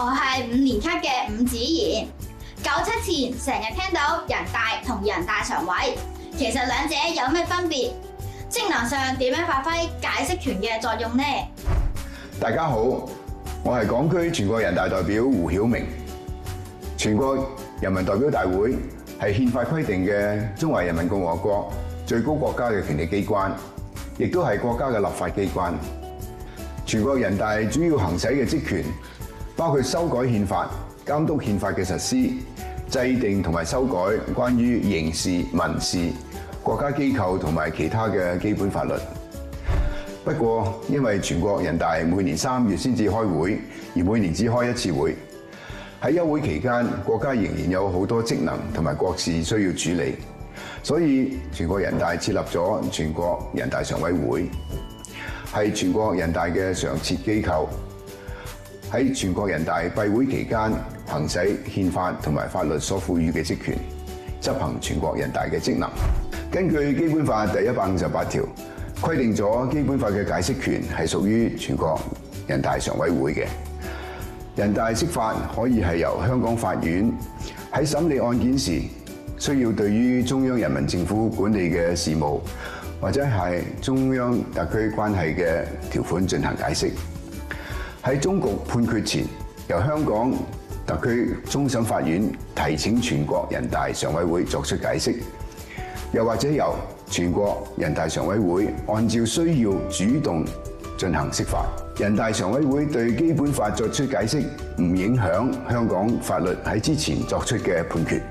我係五年級嘅伍芷言，九七前成日聽到人大同人大常委，其實兩者有咩分別？職能上點樣發揮解釋權嘅作用呢？大家好，我係港區全國人大代表胡曉明。全國人民代表大會係憲法規定嘅中華人民共和國最高國家嘅權力機關，亦都係國家嘅立法機關。全國人大主要行使嘅職權，包括修改憲法、監督憲法嘅實施、制定同埋修改關於刑事、民事、國家機構同埋其他嘅基本法律。不過，因為全國人大每年三月先至開會，而每年只開一次會，喺休會期間，國家仍然有好多職能同埋國事需要處理，所以全國人大設立咗全國人大常委會，係全國人大嘅常設機構。喺全國人大閉會期間，行使憲法同埋法律所賦予嘅職權，執行全國人大嘅職能。根據《基本法》第一百五十八條規定咗，《基本法》嘅解釋權係屬於全國人大常委會嘅。人大釋法可以係由香港法院喺審理案件時，需要對於中央人民政府管理嘅事務，或者係中央特區關係嘅條款進行解釋。喺終局判決前，由香港特區終審法院提請全國人大常委會作出解釋，又或者由全國人大常委會按照需要主動進行釋法。人大常委會對基本法作出解釋，唔影響香港法律喺之前作出嘅判決。